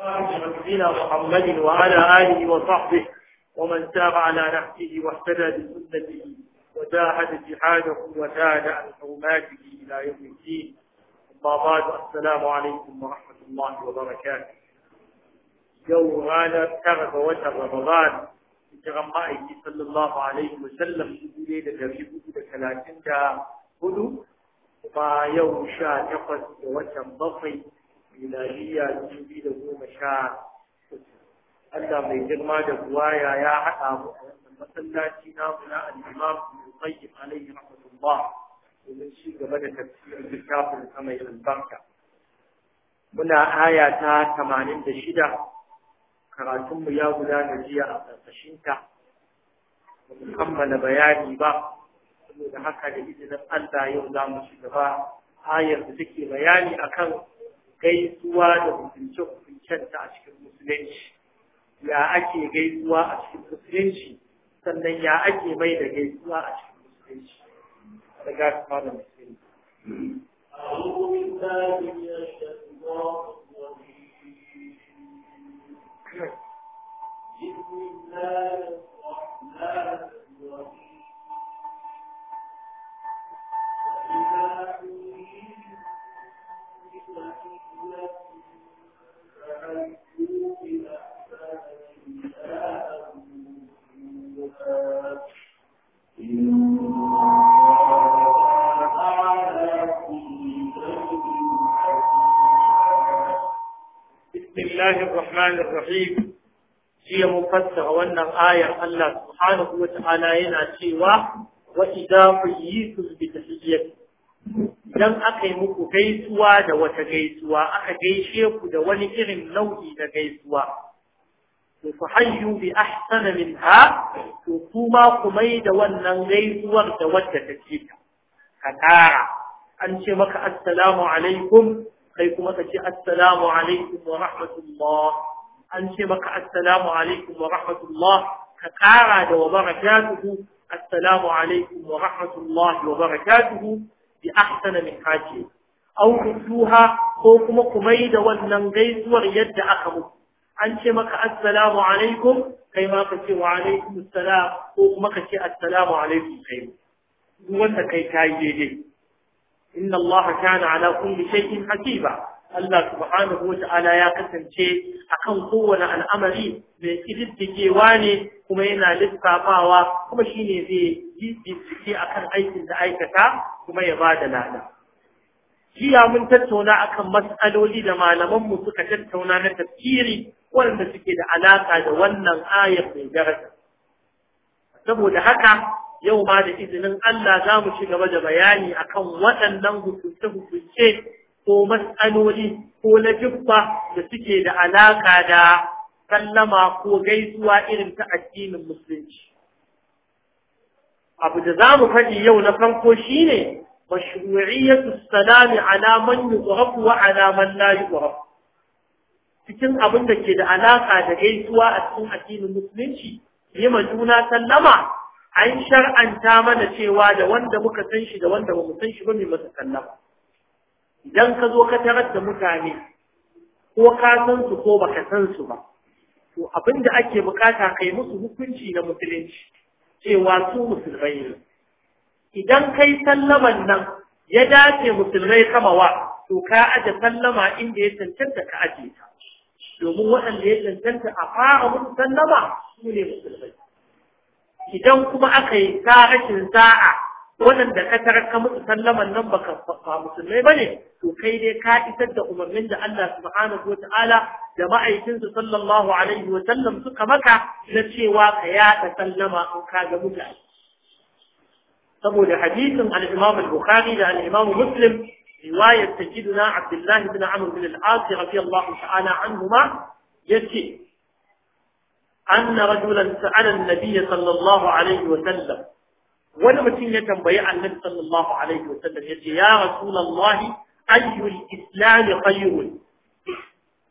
سيدنا محمد وعلى آله وصحبه ومن سار على نهجه واهتدى بسنته وجاهد جهاده وزاد عن حرماته إلى يوم الدين أما بعد السلام عليكم ورحمة الله وبركاته يوم غانا تغب وتر رمضان تغمائه صلى الله عليه وسلم ليلة في بودة ثلاثين هدو وما يوم شاء تقص وتر ضفي miladiya dubu da goma sha Allah mai girma da buwaya ya haɗa mu a wannan masallaci namu na al-Imam Al-Qayyim alayhi rahmatullah domin shi gaba da tafsirin littafin sama mai albarka. Muna aya ta tamanin da shida karatunmu ya gudana jiya a ƙarƙashinta. Ba mu kammala bayani ba, saboda haka da izinin Allah yau za mu shiga ayar da take bayani akan gaisuwa da hukunce-hukuncen ta a cikin musulunci ya ake gaisuwa a cikin musulunci sannan ya ake mai da gaisuwa a cikin musulunci da kuma da musulunci بسم الله الرحمن الرحمن الرحيم هي مفسرة وأن آية الله سبحانه وتعالى هنا سوى وإذا حييتم بتحية idan aka yi muku gaisuwa da wata gaisuwa aka gaishe ku da wani irin nau'i na gaisuwa to ku hayyu bi ahsana minha to kuma ku mai da wannan gaisuwar da wadda take ta ka an ce maka assalamu alaikum kai kuma ka ce assalamu alaikum wa rahmatullah an ce maka assalamu alaikum wa rahmatullah ka kara da wa barakatuhu assalamu alaikum wa rahmatullah wa barakatuhu bi ahsana min haji aw kutuha ko kuma kumai da wannan gaisuwar yadda aka muku an ce maka assalamu alaikum kai ma ka ce wa alaikum assalam ko kuma ka ce assalamu alaikum kai wanda kai ta yi daidai inna Allah kana ala kulli shay'in hakiba Allah subhanahu wa ta'ala ya kasance akan kowane al'amari mai kididdigewa ne kuma yana lissafawa kuma shine zai yi bincike akan aikin da aikata kuma ya ba da lada jiya mun tattauna akan mas'aloli da malaman mu suka tattauna na tafsiri wanda suke da alaƙa da wannan ayar mai darata. saboda haka yau ma da izinin Allah za mu ci gaba da bayani akan waɗannan hukunce-hukunce ko matsaloli ko na jibba da suke da alaƙa da sallama ko gaisuwa irin ta addinin musulunci. Abu da za mu faɗi yau na farko shi ne, mashru'iyyatu salami ala man yuqrafu wa ala man la Cikin abin da ke da alaƙa da gaisuwa a cikin addinin musulunci, yi ma juna sallama an shar'anta mana cewa da wanda muka san shi da wanda ba mu san shi ba mai masa ba idan ka zo ka tarar da mutane ko ka san su ko baka san su ba to abin da ake bukata kai musu hukunci na musulunci cewa su musulmai ne idan kai sallaman nan ya dace musulmai kama wa to ka aje sallama inda ya cancanta ka aje ta domin waɗanda ya cancanta a fara musu sallama su ne musulmai idan kuma aka yi ta rashin sa'a waɗanda ka tarar ka mutu sallaman nan baka ba musulmai bane to kai dai ka isar da umarnin da Allah subhanahu wata'ala da ma'aikinsu sallallahu alaihi wa sallam suka maka na cewa ka yaɗa sallama in ka ga mutane saboda hadisin al-Imam al-Bukhari da al-Imam Muslim riwayar sayyidina Abdullahi ibn Amr bin al-As radiyallahu ta'ala anhuma yace أن رجلا سأل النبي صلى الله عليه وسلم ولمتين يتنبيع النبي صلى الله عليه وسلم يقول يا رسول الله أي الإسلام خير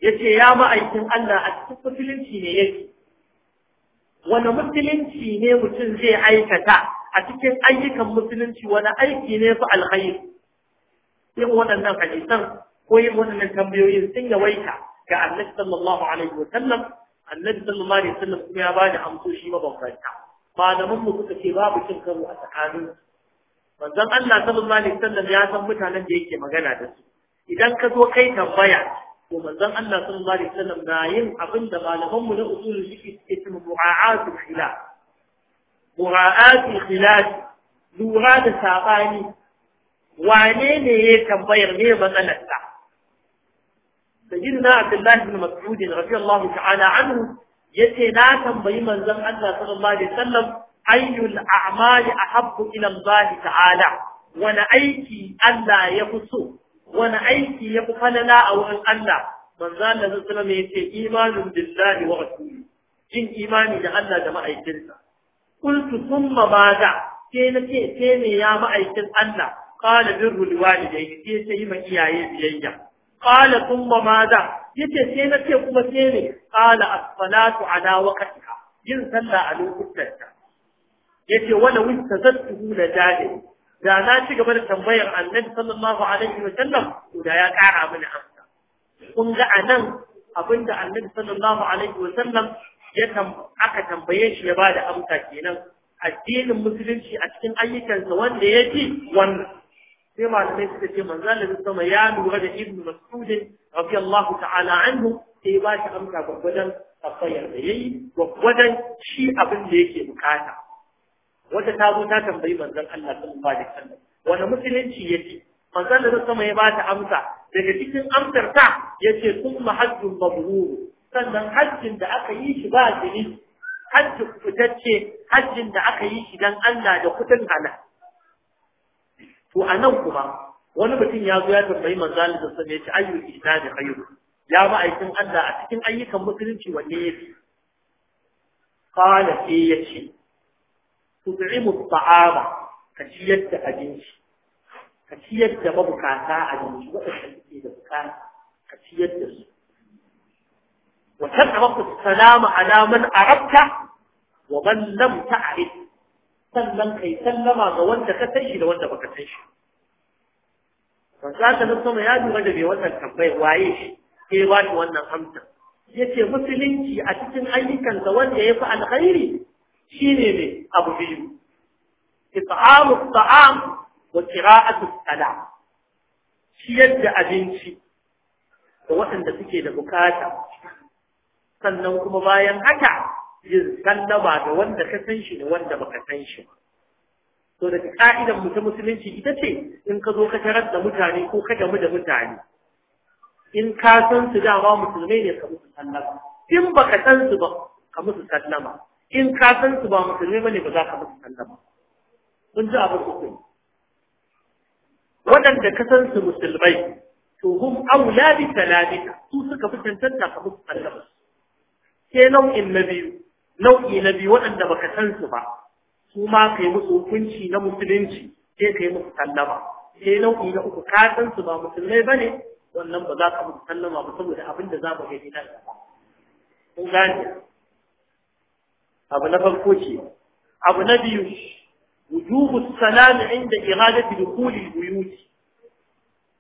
يقول يا ما أيتم أن أتفصلين شينيك wani musulunci ne mutum zai aikata a cikin ayyukan musulunci wani aiki ne fi alhairi yin waɗannan hadisan ko yin waɗannan tambayoyin sun yawaita ga annabi sallallahu alaihi wa sallam annabi sallallahu alaihi wasallam kuma ya bada amsoshi mabambanta malaman mu suka ce babu cin karo a tsakanin manzon Allah sallallahu alaihi wasallam ya san mutanen da yake magana da su idan ka zo kai tambaya to manzon Allah sallallahu alaihi wasallam na yin abin da malaman mu na usulul fiqh suke cewa mu'aatul khilaf mu'aatul khilaf lura da sabani wane ne ya tambayar ne matsalarsa sayyidina abdullahi ibn mas'ud radiyallahu ta'ala anhu yace na tambayi manzon Allah sallallahu alaihi wasallam ayyul a'mali ahabbu ila Allah ta'ala wani aiki Allah ya fi wani aiki ya fi falala a wurin Allah manzo Allah sallallahu alaihi wasallam yace imanun billahi wa rasuli jin imani da Allah da ma'aikinsa qultu thumma bada sai nace sai me ya ma'aikin Allah qala birru liwalidayhi ta yi ma iyaye biyayya qala thumma madha yace sai na ce kuma sai ne qala as-salatu ala waqtiha yin sallah a lokutan ta yace wala wistazattuhu la jahil da na ci gaba da tambayar annabi sallallahu alaihi wa sallam da ya kara mini amsa kun ga anan abinda annabi sallallahu alaihi wa sallam ya aka tambaye shi ya bada amsa kenan addinin musulunci a cikin ayyukansa wanda yake wannan sai malamai suka ce da Allah sama ya lura da Ibn Mas'ud radiyallahu ta'ala anhu sai ba shi amsa gwagwadan tsayar da ya yi gwagwadan shi abin da yake bukata wata ta zo ta tambayi manzan Allah sallallahu alaihi wasallam wani musulunci ya ce? yake da Allah sama ya ba ta amsa daga cikin amsar ta yace kuma hajjun mabrur sannan hajjin da aka yi shi ba shi hajji fitacce hajjin da aka yi shi dan Allah da kudin halal to a nan kuma wani mutum ya zo ya tambayi manzali da sani ya ci ayyu ita ayyul ayyu khairu ya ma'aikin Allah a cikin ayyukan musulunci wanne yafi qala sai ya ce tud'imu at'ama ka ciyar da abinci ka ciyar da mabukata abinci waɗanda suke da bukata ka ciyar da su وتدعو السلام على من أردت ومن a تعرف sannan kai sallama ga wanda ka san shi da wanda baka san shi manzo sama ya lura da bai wannan tambayar waye shi sai ba shi wannan amsa yace musulunci a cikin ayyukansa wanda yafi alkhairi shine ne abu biyu it'amu at'am wa qira'atu salam ciyar da abinci da waɗanda suke da bukata sannan kuma bayan haka yin sallama da wanda ka san shi da wanda baka san shi ba to daga ka'idan mu ta musulunci ita ce in ka zo ka tarar da mutane ko ka damu da mutane in ka san su dama musulmai ne ka musu sallama in baka san su ba ka musu sallama in ka san su ba musulmai bane ba za ka musu sallama kun ji abin uku waɗanda ka san su musulmai to hum aula bi salamika su suka fi tantanta ka musu sallama sai in na biyu nau'i na biyu waɗanda baka san su ba su ma kai musu hukunci na musulunci sai kai musu sallama sai nau'i na uku ka san su ba musulmai bane wannan ba za ka musu sallama ba saboda abin da za mu gani nan gaba kun gane abu na farko ce abu na biyu wujubu salam inda iradati dukhuli al-buyut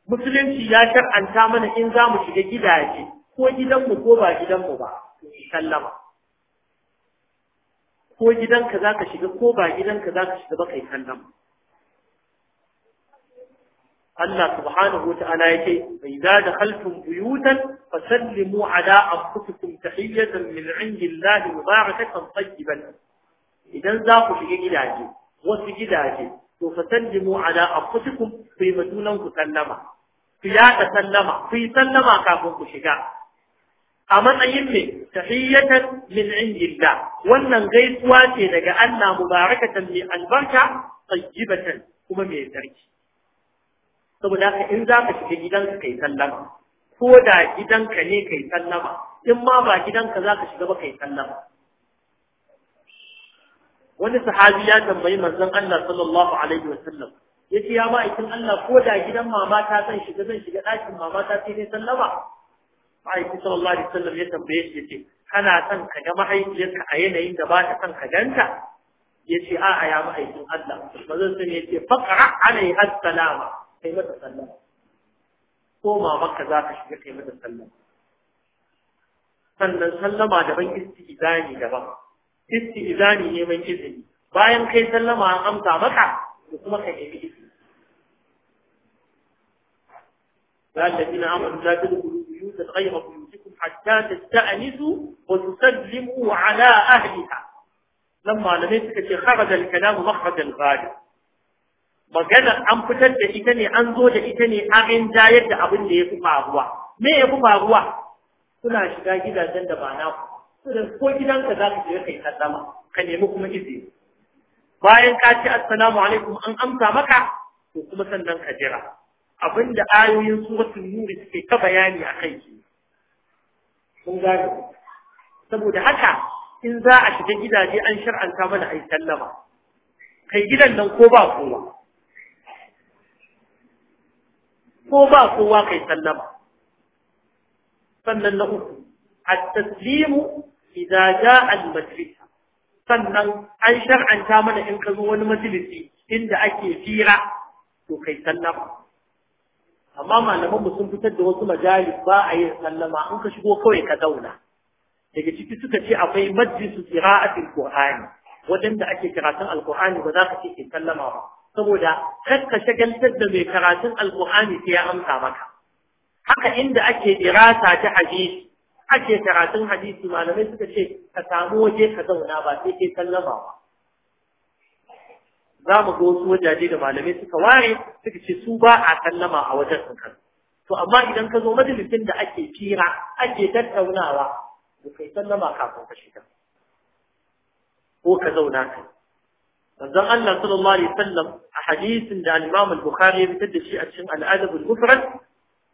musulunci ya shar'anta mana in za mu shiga gidaje ko gidanmu ko ba gidanmu ba sallama ko gidanka za ka shiga ko ba gidanka za ka shiga ba kai kallon Allah subhanahu wata'ala ce bai za da haltun buyutan fasallimu ala anfusikum a min indillahi mubarakatan tayyiban idan za ku shiga gidaje wasu gidaje to fasallimu ala anfusikum ku yi madunan ku sallama ku yaɗa sallama ku yi sallama kafin ku shiga a matsayin mai tahiyyatan min indillah wannan gaisuwa ce daga Allah mubarakatan mai albarka tayyibatan kuma mai tsarki saboda haka in za ka shiga gidanka kai sallama ko da gidanka ne kai sallama in ma ba gidanka za ka shiga ba kai sallama wani sahabi ya tambayi manzon Allah sallallahu alaihi wasallam yace ya ma'aikin Allah ko da gidan mama ta zan shiga zan shiga ɗakin mama ta sai ne sallama ma'aikin sallallahu alaihi wasallam ya tambaye shi yace kana son ka ga mahaifiyarka a yanayin da ba ta son ka ganta yace a a ya mahaifin Allah bazan san yace faqra alaihi assalama kai mata sallama ko maka za ka shiga kai mata sallama sannan sallama daban istizani daban istizani mai izini bayan kai sallama an amsa maka da kuma kai ne izini ذا الذين آمنوا لا تدخلوا بيوتا غير بيوتكم حتى تستأنسوا وتسلموا على أهلها لما لم يسكت خرج الكلام مخرج الغالب magana an fitar da ita ne an zo da ita ne an rinjayar da abin da ya fi faruwa me ya fi faruwa suna shiga gidajen da ba na ku ko gidanka za ka shiga kai sallama ka nemi kuma izini bayan ka ce assalamu alaikum an amsa maka to kuma sannan ka jira abinda ayoyin suratul nur suke ta bayani a kai kun gane saboda haka in za a shiga gidaje an shar'anta mana ai sallama kai gidan nan ko ba kowa ko ba kowa kai sallama sannan na uku at-taslimu idza jaa al masjid sannan an shar'anta mana in ka zo wani majalisi inda ake fira to kai sallama amma malaman mu sun fitar da wasu majalis ba a yi sallama in ka shigo kawai ka zauna daga ciki suka ce akwai majlisu qira'atil qur'ani wadanda ake karatun alqur'ani ba za ka ce ke sallama ba saboda kar ka shagaltar da mai karatun alqur'ani sai ya amsa maka haka inda ake dirasa ta hadisi ake karatun hadisi malamai suka ce ka samu waje ka zauna ba sai ke sallama ba za mu ga wasu wajaje da malamai suka ware suka ce su ba a sallama a wajen kankan to amma idan ka zo majalisin da ake fira ake tattaunawa to kai sallama kafin ka shiga ko ka zauna kai manzon Allah sallallahu alaihi wasallam a hadisin da al-Imam al-Bukhari ya fitar da shi a cikin al-Adab al-Mufrad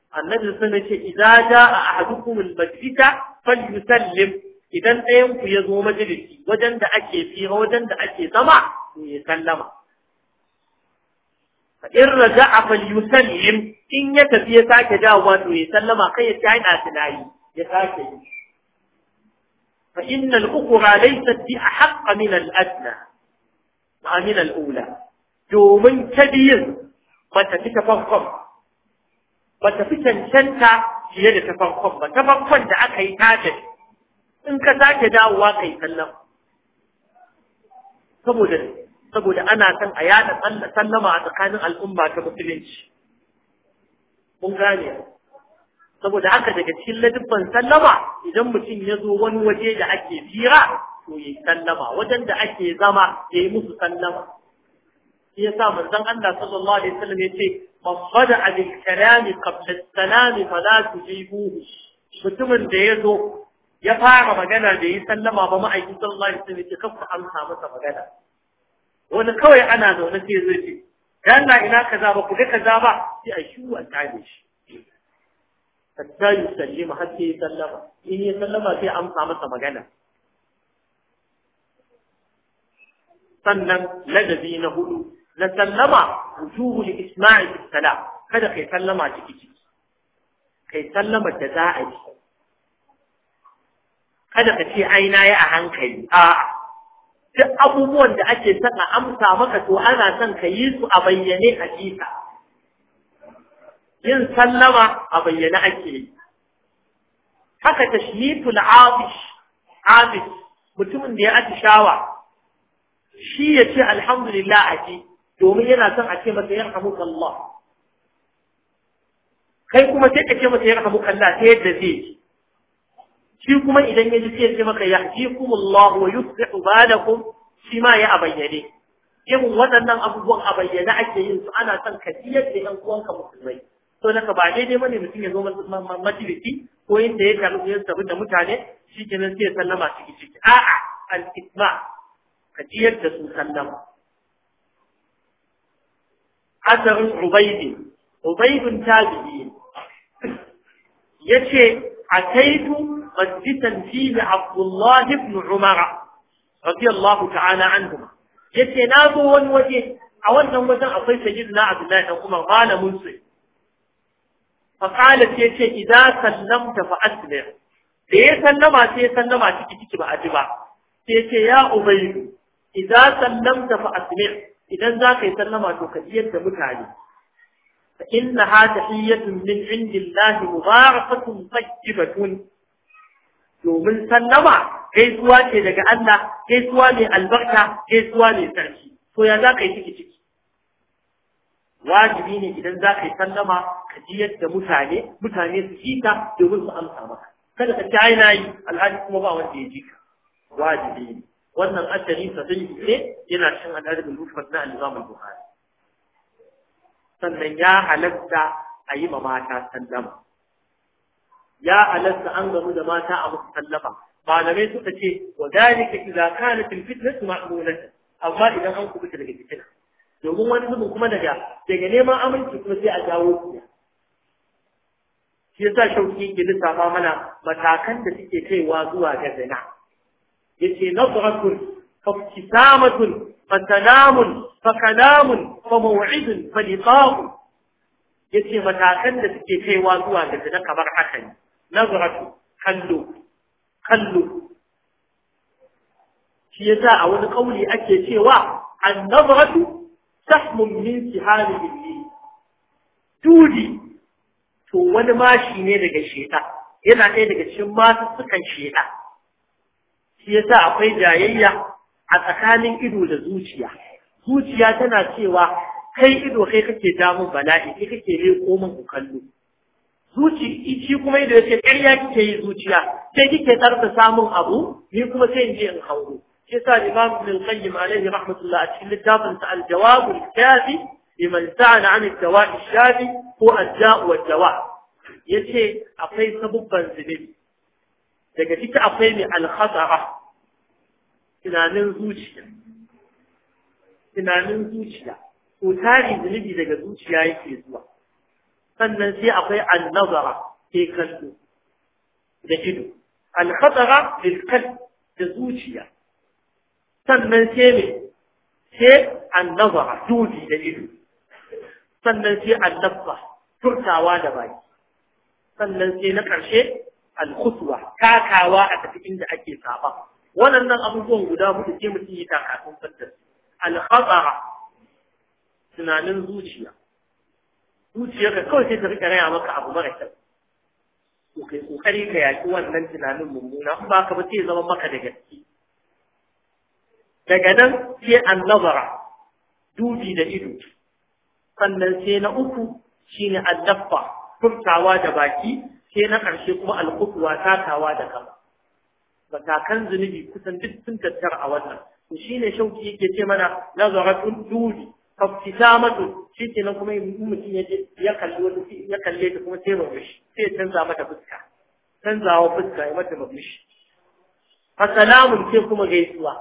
annabi sallallahu alaihi wasallam ya ce idza jaa ahadukum al-majlisa falyusallim idan ɗayan ku ya zo majalisi wajen da ake fira wajen da ake zama ya sallama in raja'a fal yusallim in ya tafi ya sake dawowa to ya sallama kai ya ci ina tunayi ya sake yi fa inna al-ukhra laysat bi ahqqa min al-adna wa min al-ula domin tabiyin ta fi ba ta fi cancanta fiye da ta farkon ba ta farkon da aka yi ta tashi in ka sake dawowa kai sallama saboda saboda ana son a yada sallama a tsakanin al'umma ta musulunci mun gane saboda haka daga cikin ladubban sallama idan mutum ya zo wani waje da ake fira to ya yi sallama wajen da ake zama ya yi musu sallama shi ya sa manzon Allah sallallahu alaihi wasallam ya ce man bada bil fa za su je tujibuhu mutumin da ya zo ya fara magana da yi sallama ba ma'aikin sallallahu alaihi wasallam ya ce amsa masa magana wani kawai ana zaune sai zai ce dan na ina kaza ba ku ga kaza ba sai a shu a tare shi hatta yusallima har sai sallama in ya sallama sai amsa masa magana sannan ladabi na hudu na sallama wujuhul isma'i isma'il salam kada kai sallama ciki ciki kai sallama da za a yi kada ka ce aina ya a hankali a'a duk abubuwan da ake son a amsa maka to ana son ka yi su a bayyane a yin sallama a bayyane ake yi haka tashmitul abish abish mutumin da ya atishawa shi ya ce alhamdulillah a domin yana son a ce masa yan hamuka kai kuma sai ka ce masa yan hamuka ta yadda zai ji shi kuma idan ya ji sai ya maka yahdikumullahu wa yusbihu balakum shi ma ya abayyane irin waɗannan abubuwan a bayyane ake yin su ana son ka ji yadda ɗan uwanka musulmai to naka ba dai bane mutum ya zo majalisi ko inda ya karɓi ya tafi da mutane shi ke nan sai ya sallama ciki ciki a'a al-isma ka ji yadda sallama asarin ubaidi ubaidun tabi'i yace tun متحدثا فيه عبد الله بن عمر رضي الله تعالى عنهما yace na zo wani waje a wannan wajen akwai sayyidina Abdullahi dan Umar malamin su fa qala yace idza sallamta fa aslim da ya sallama sai ya sallama ciki ciki ba aji ba sai yace ya ubayyu idza sallamta fa idan za ka sallama to ka jiyar da mutane fa innaha tahiyyatun min indillahi mubarakatun tayyibatun domin sallama gaisuwa ce daga Allah gaisuwa ne albarka gaisuwa ne sarki to ya za ka yi ciki ciki wajibi ne idan za ka yi sallama ka ji yadda mutane mutane su ji ka domin su amsa maka kada ka ci aina yi, alhaji kuma ba wanda ya ji ka wajibi ne wannan asali sahihi ne yana cin al'adabin rufar na al-Imam sannan ya halatta a yi ma mata sannama. ya alasta an gamu da mata a musu tallafa. malamai suka ce wa dalika idza kanat al fitnatu ma'munatan amma idan an kubuta daga fitina domin wani zubin kuma daga daga neman aminci kuma sai a jawo su shi yasa shauki ke lissafa mana matakan da suke kaiwa zuwa ga zina yace nadratun faftisamatun fa fakalamun fa faliqa'u yace matakan da suke kaiwa zuwa ga zina kamar haka ne nazaratu kallo kallo shi yasa a wani kauli ake cewa an-nazratu sahmun min sihari billi tudi to wani mashi ne daga sheta yana ɗaya daga cikin masu sukan sheta shi yasa akwai jayayya a tsakanin ido da zuciya zuciya tana cewa kai ido kai kake damun bala'i kai kake leƙo min ku kallo zuci shi kuma yadda yake ƙarya kike yi zuciya sai kike tarsa samun abu ni kuma sai in je in hauro shi sa imam ibn qayyim alaihi rahmatullah a cikin littafin sa al-jawab al-kafi liman sa'ala an ad-dawa' ash-shafi ko ad-da' wa ad-dawa' yace akwai sabubban zunubi daga ciki akwai mai al-khatara tunanin zuciya tunanin zuciya ko tari zunubi daga zuciya yake zuwa sannan sai akwai annazara ke kallo da ido alhatara bilkal da zuciya sannan sai mai sai annazara dubi da ido sannan sai annabba turtawa da baki sannan sai na ƙarshe alkhutwa takawa a tafi inda ake saba waɗannan abubuwan guda hudu sai mutum yi takakun faddar alhatara tunanin zuciya zuciyarka kawai sai ta rika raya maka abu mara kyau to kai kokari ka yaki wannan tunanin mummuna Kuma ba ka ba sai zama maka da gaske daga nan sai an nazara dubi da ido sannan sai na uku shine addaffa furtawa da baki sai na ƙarshe kuma alƙudwa takawa da kama matakan zunubi kusan duk sun tattara a wannan to shine shauki yake ce mana nazaratun dubi faftisamatun shi ke nan kuma mutum ya kalli wani ya kalle ta kuma sai shi, sai canza mata fuska canzawa fuska ya mata murmushi fa salamun sai kuma gaisuwa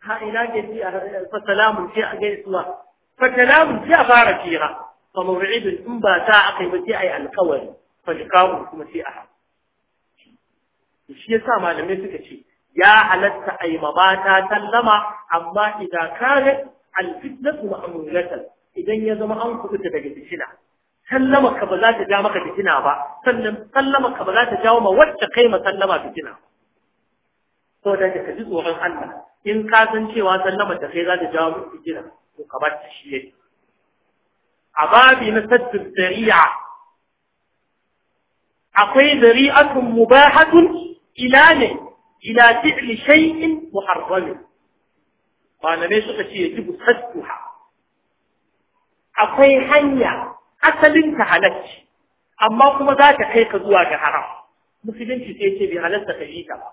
ha ina gaji a fa salamun sai a gaisuwa fa salamun sai a fara fira fa maw'idun in ba ta yi ba sai ayi alƙawari fa likawu kuma sai a haɗu ya sa malamai suka ce ya halatta ai mabata sallama amma idan ka kana alfitnatu ma'mulatan idan ya zama an kubuta daga fitina sallama ka ba za ta ja maka fitina ba sannan sallama ka ba za ta jawo ma wacce kai ma sallama fitina to da ka ji tsoron Allah in ka san cewa sallama ta kai za ta jawo maka fitina to ka ba ta shi yake a babi na saddin dariya akwai dari'atun mubahatun ila ne ila fi'li shay'in muharram malamai suka ce ya yajibu sadduha akwai hanya asalin ta halacci amma kuma za ta kai ka zuwa ga haram musulunci sai ce bai halarta ka yi ta ba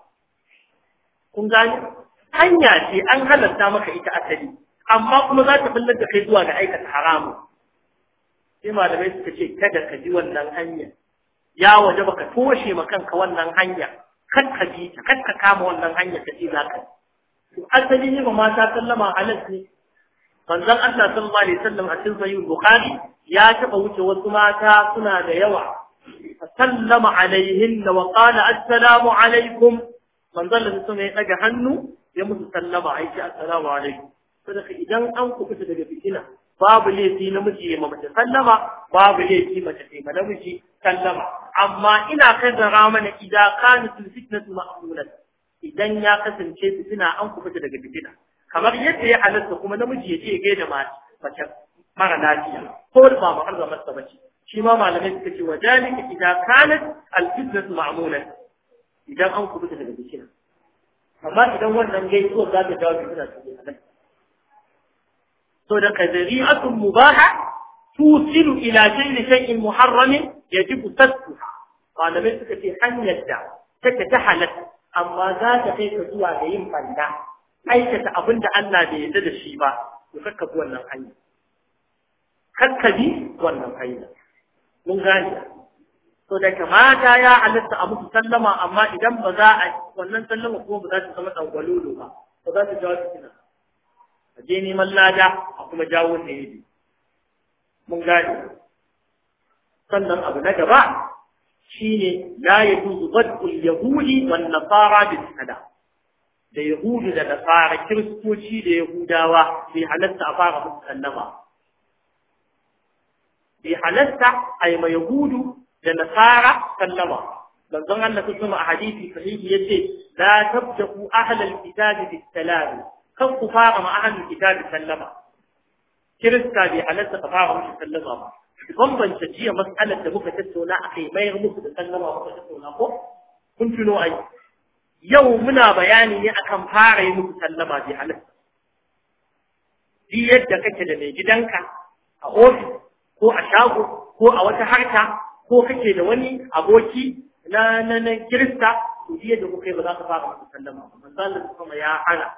kun gane hanya ce an halarta maka ita asali amma kuma za ta fallar da kai zuwa ga aikata haramu sai malamai suka ce kada ka ji wannan hanya ya waje baka toshe ma kanka wannan hanya kan ka ji ta kan ka kama wannan hanya ka ji za ka to asali ne ba mata sallama halatta ne manzon Allah sallallahu alaihi wasallam a cikin sahih bukhari ya taba wuce wasu mata suna da yawa sallama alaihin wa qala assalamu alaikum manzon Allah sun ya daga hannu ya musu sallama ai ce assalamu alaikum sadaka idan an kubuta daga fitina babu laifi na namiji ya mace sallama babu laifi mace ta ma namiji sallama amma ina kaddara mana idan kana fitnatu ma'mulan idan ya kasance fitina an kubuta daga fitina kamar yadda ya halatta kuma namiji ya je gaida mace mace mara lafiya ko da ba muharramar sa bace shi ma malamai suka ce wa dalika idza kanat al-fitnah ma'muna idan an kubuta daga bikina amma idan wannan gaisuwar za ta jawo bikina ta ne halal to da kazari'atun mubaha tusilu ila kulli shay'in muharramin yajibu tasfuha malamai suka ce hanyar da take ta halatta amma za ta kai ka zuwa ga yin banda aikata abin da Allah bai yarda da shi ba to kakka bi wannan hanya kakka bi wannan hanya mun gane to da kamata ya halitta a musu sallama amma idan ba za a wannan sallama kuma ba za ta zama tsangwalolo ba ba za ta jawo kina a je neman lada a kuma jawo ne yi. mun gane sannan abu na gaba shine la yajuzu bad'ul yahudi wan nasara bis salam da yahudu da nasara kiristoci da yahudawa bai halasta a fara musu sallama bai halatta a yi ma yahudu da nasara sallama manzon Allah ta sama a hadisi sahihi yace la tabdaku ahlal kitabi da salam kan ku fara ma ahlul kitabi sallama kirista bai halasta ka fara musu sallama ba bambanta jiya mas'alar da muka tattauna a kai mayar musu da sallama muka tattauna ko kun tuno a yi. yau muna bayani ne akan fara yi muku sallama bi halin. duk yadda kake da mai gidanka a ofis ko a shago ko a wata harka ko kake da wani aboki na na na kirista to duk yadda kuka yi ba za ka fara muku sallama ba da kuma ya hana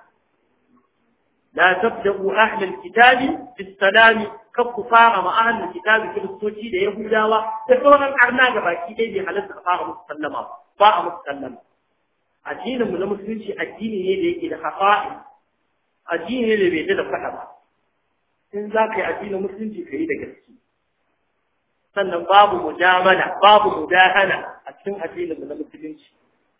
la tabda'u ahli alkitabi bis salami ka ku fara ma ahli alkitabi kiristoci da yahudawa da sauran arna ga baki dai bai halatta ka fara musu sallama ba ba a musu sallama addinin mu na musulunci addini ne da yake da hafa'i addini ne da bai da fada ba in za ka yi addinin musulunci ka yi da gaske sannan babu mujamala babu mudahana a cikin addinin mu na musulunci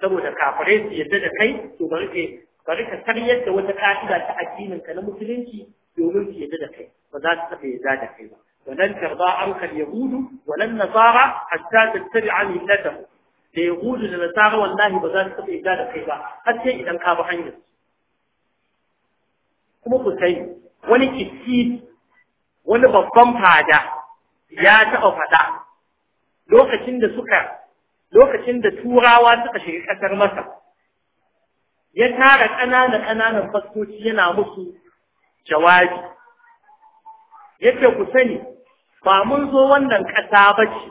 saboda kafirai su yadda da kai to bari ka bari ka karyar da wata ka'ida ta addinin ka na musulunci domin su yadda da kai ba za su taɓa yadda da kai ba ولن ترضى عنك اليهود ولا النصارى حتى تتبع ملتهم da gudu da nasara wallahi ba za su taɓa yadda da kai ba har sai idan ka bi hanyar kuma ku sai wani kitti wani babban fada ya taɓa fada lokacin da suka lokacin da turawa suka shiga ƙasar masa. ya tara ƙananan ƙananan fastoci yana musu jawabi yake ku sani ba mun zo wannan ƙasa ba ce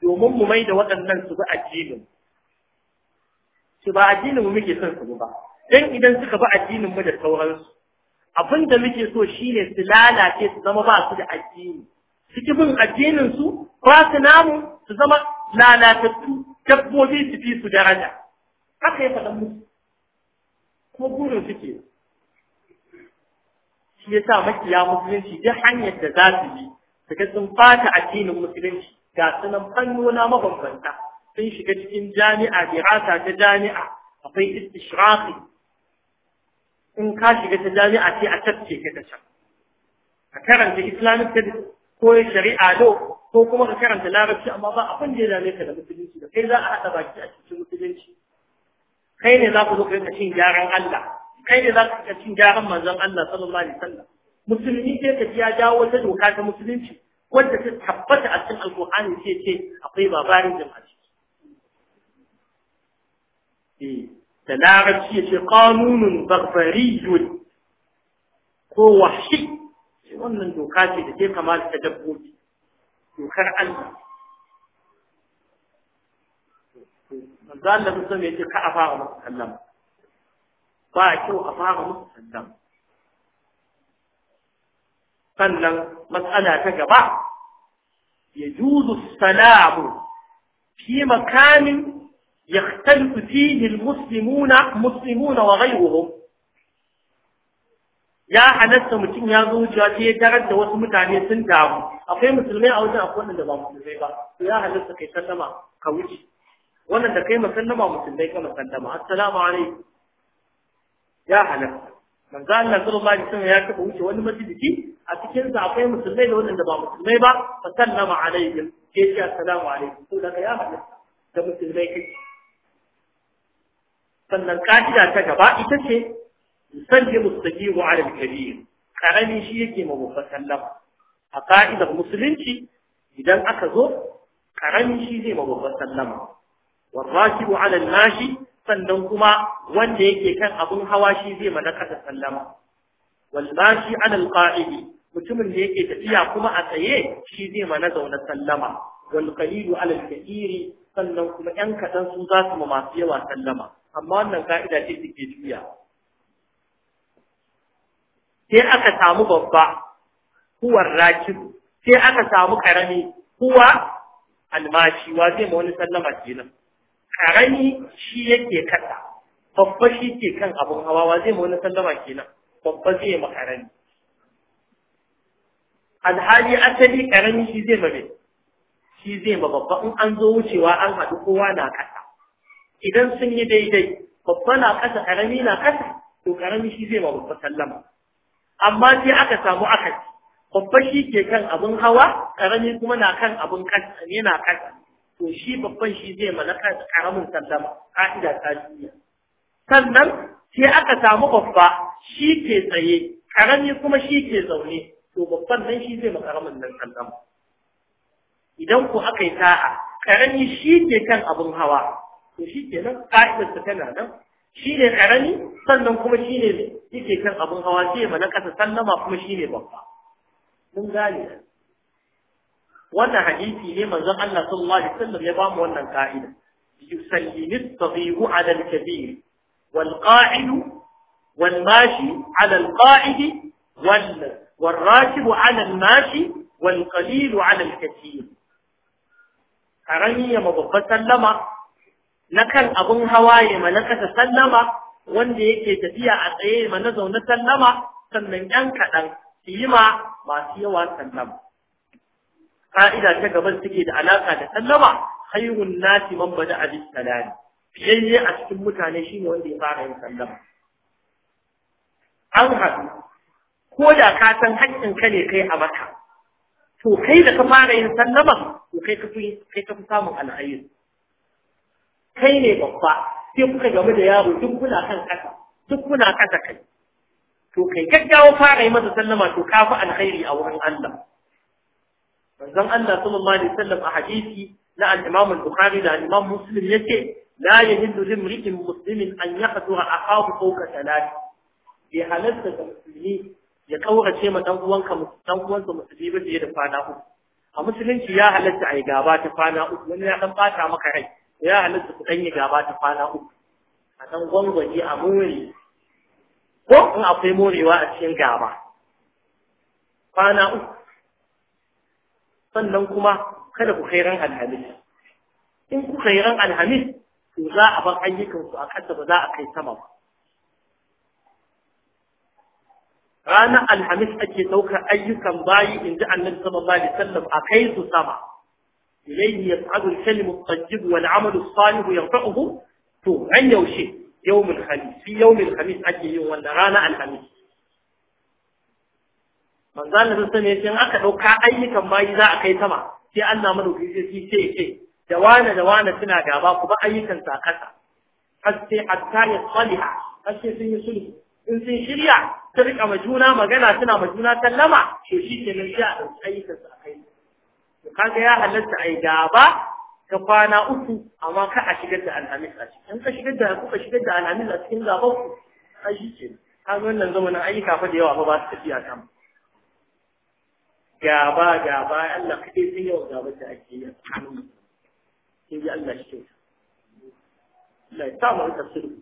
domin mu mai da waɗannan su bi addinin su ba addinin mu muke son su ba dan idan suka bi addinin mu da sauransu abin da muke so shine su lalace su zama ba su da addini su ki bin addinin su ba su namu su zama lalatattu dabbobi su fi su daraja haka ya faɗa musu ko burin ke. shi ya sa makiya musulunci duk hanyar da za su bi su ga sun fata addinin musulunci ga sunan fannona mabambanta sun shiga cikin jami'a rasa ta jami'a akwai istishraqi in ka shiga ta jami'a sai a tacce ka ta can ka karanta islamic studies ko shari'a do ko kuma ka karanta larabci amma ba abin da ya ka da musulunci da kai za a haɗa baki a cikin musulunci kai ne za ku zo ka cin gyaran Allah kai ne za ka cin gyaran manzon Allah sallallahu alaihi wasallam musulmi ke ka ji ya jawo wata doka ta musulunci wanda ta tabbata a cikin alkur'ani sai ce akwai babarin jama'a a eh, da larabci ya ce kanunun barbariyun ko washi wannan doka ce da ke kamata da dabbobi dokar Allah manzo Allah ka a fara musu sallama ba kyau a fara musu sallama sannan matsala ta gaba ya juzu salamu fi makamin يختلف فيه المسلمون مسلمون وغيرهم ya halatta mutum ya zo wucewa sai ya tarar da wasu mutane sun damu akwai musulmai a wajen akwai wanda ba musulmai ba to ya halatta kai sallama ka wuce wannan da kai musallama musulmai ka musallama assalamu alaikum ya halatta manzo Allah sallallahu alaihi wasallam ya taba wuce wani majalisi a cikin sa akwai musulmai da wannan da ba musulmai ba fa sallama alaihim ke ce assalamu alaikum to daga ya hada da musulmai kai sannan ka'ida ta gaba ita ce yusallimu as-saghiru 'ala al-kabir karami shi yake ma babban sallama a ka'idar musulunci idan aka zo karami shi zai ma babban sallama warrakibu 'ala al-mashi sannan kuma wanda yake kan abun hawa shi zai ma nakasa sallama wal mashi 'ala mutumin da yake tafiya kuma a tsaye shi zai mana zaune sallama wal qalilu ala al sannan kuma yan kadan su za su ma masu yawa sallama amma wannan ka'ida ce take juya sai aka samu babba kuwar rakib sai aka samu karami kuwa almashi wa zai ma wani sallama kenan karami shi yake kasa babba shi ke kan abun hawa wa zai ma wani sallama kenan babba zai ma karami alhali asali karami shi zai ma shi zai mababba babba in an zo wucewa an haɗu kowa na ƙasa idan sun yi daidai babba na ƙasa karami na ƙasa to karami shi zai ma babba sallama amma sai aka samu akasi babba shi ke kan abin hawa karami kuma na kan abin ƙasa na ƙasa to shi babban shi zai ma na karamin sallama ka'ida ta duniya sannan sai aka samu babba shi ke tsaye karami kuma shi ke zaune to babban nan shi zai makaramin nan sallama idan ku aka yi ta'a karami shi ke kan abin hawa to shi ke nan ta tana nan shi ne karami sannan kuma shi ne yake kan abin hawa sai ma na kasa sallama kuma shi ne babba mun gane wannan hadisi ne manzon Allah sallallahu alaihi wasallam ya bamu wannan ka'ida yusallimu at-taghiru 'ala al-kabir wal qa'idu wal mashi 'ala al-qa'idi wal والراكب على الماشي والقليل على الكثير karamiya ya sallama na kan abun hawaye ma na kasa sallama wanda yake tafiya a tsaye ma na zaune sallama sannan yan kaɗan su yi ma masu yawa sallama ka'ida ta gaban suke da alaƙa da sallama haihun nasi man bada abin salami fiyayye a cikin mutane shine wanda ya fara yin sallama an haɗu ko da ka san hakkin ka ne kai a maka to kai da ka fara yin sallama to kai ka fi kai ka fi samun alkhairi kai ne babba sai kuka game da yaro duk kuna kan ƙasa duk kuna ƙasa kai to kai gaggawa fara yi masa sallama to ka fi alkhairi a wurin Allah manzon Allah sallallahu alaihi wasallam a hadisi na al-Imam al-Bukhari da al-Imam Muslim yace لا يهد muslimin an yaqdura يقتل اخاه thalath bi halatta المسلمين ya kaurace ma dan uwanka dan uwansa musulmi ba fiye da kwana uku a musulunci ya halatta ai gaba ta kwana uku wani ya dan fata maka rai ya halatta ku dan yi gaba ta kwana uku a dan gwangwaje a mori ko in akwai morewa a cikin gaba kwana uku sannan kuma kada ku kai ran alhamis in ku kai ran alhamis to za a bar ayyukansu a ƙasa ba za a kai sama ba ranar alhamis ake ɗaukar ayyukan bayi in ji annan sallallahu alaihi wasallam a kai su sama ilayhi yas'adu al-kalimu at-tayyib wal 'amalu as-salih to ran yaushe yawmul khamis fi yawmul khamis ake yin wannan ranar alhamis manzo Allah sun sani in aka ɗauka ayyukan bayi za a kai sama sai an na madauki sai shi ce ce da wane da wane suna gaba kuma ayyukan sa kasa har sai hatta ya tsaliha har sai sun yi sulhu in sun shirya ta rika ma juna magana suna ma juna sallama to shi ke nan sai a ɗauki ayyukansu a kai to kaga ya halatta a yi gaba ka kwana uku amma ka a shigar da alhamis a ciki in ka shigar da kuka shigar da alhamis a cikin gaban ku a shi ke kaga wannan zamanin ayyuka fa da yawa fa ba su tafiya kan gaba gaba Allah kaɗai sun yau gaba da ake yi a cikin mu sai Allah shi kyauta Allah ya sa mu rika sulhu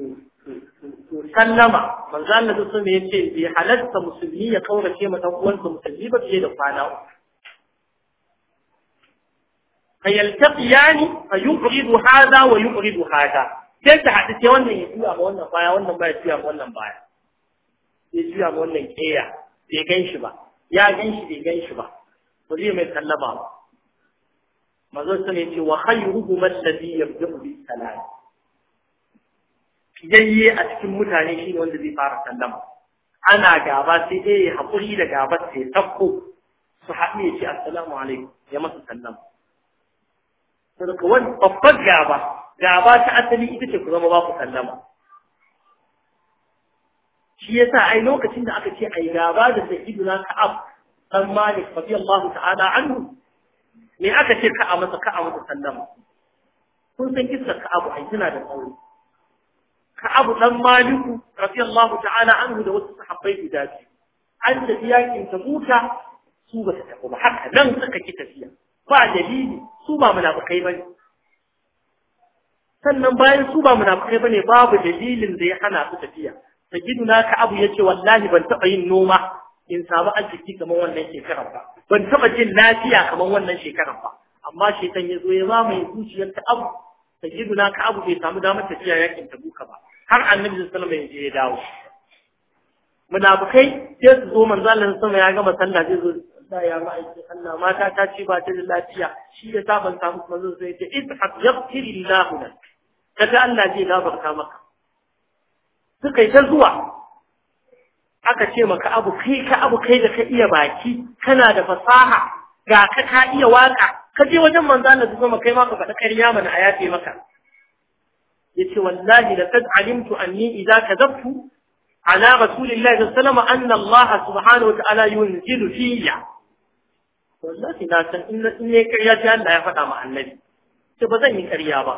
to sallama manzo Allah da sun yace bi halatta musulmi ya kaurace mata uwansa musulmi ba fiye da kwana uku fayaltaqiyani fayuqridu hadha wa yuqridu hadha sai ta hadu sai wannan ya juya ba wannan baya wannan baya juya ba wannan baya sai juya ba wannan keya bai ganshi ba ya ganshi bai ganshi ba to zai mai sallama ba mazo sai ya ce wa khayruhu man ladhi yabda'u bi salam Yayye a cikin mutane shi ne wanda zai fara sallama ana gaba sai dai ya haƙuri da gaba sai takko su haɗu ya ce assalamu alaikum ya masa sallama saboda wani babbar gaba gaba ta asali ita ce ku zama ba ku sallama shi yasa ai lokacin da aka ce ai gaba da sayyiduna ka'ab dan malik radiyallahu ta'ala anhu me aka ce ka'a masa ka'a masa sallama kun san kissa abu ai tana da tsauri ka'abu dan maliku radiyallahu ta'ala anhu da wasu sahabbai guda biyu an tafi yakin tabuka su ba su tafi ba haka nan suka ki tafiya ba dalili su ba munafukai bane sannan bayan su ba munafukai bane babu dalilin da ya hana su tafiya na sayyiduna ka'abu yace wallahi ban taba yin noma in samu arziki kamar wannan shekarar ba ban taba jin lafiya kamar wannan shekarar ba amma shaitan ya zo ya mamaye zuciyar na ka abu bai samu damar tafiya yakin ta buka ba har annabi sallallahu alaihi wasallam ya dawo munafikai sai su zo manzo Allah sama ya gama sallah zai zo da ya ma'aikin Allah mata ta ce ba ta da lafiya shi ya sa ban samu manzo sai ce izhab yaghfirillahu lak kaga Allah zai gafarta maka suka yi ta zuwa aka ce maka abu kai ka abu kai da ka iya baki kana da fasaha ga ka ka iya waka ka je wajen manzo Allah zai kai ma ka faɗa ƙarya mana a yafe maka yace wallahi laqad alimtu anni idza kadabtu ala rasulillahi sallallahu alaihi wasallam anna Allah subhanahu wa ta'ala yunzilu fiyya wallahi na san in ne ƙarya ta Allah ya faɗa ma annabi ce ba zan yi ƙarya ba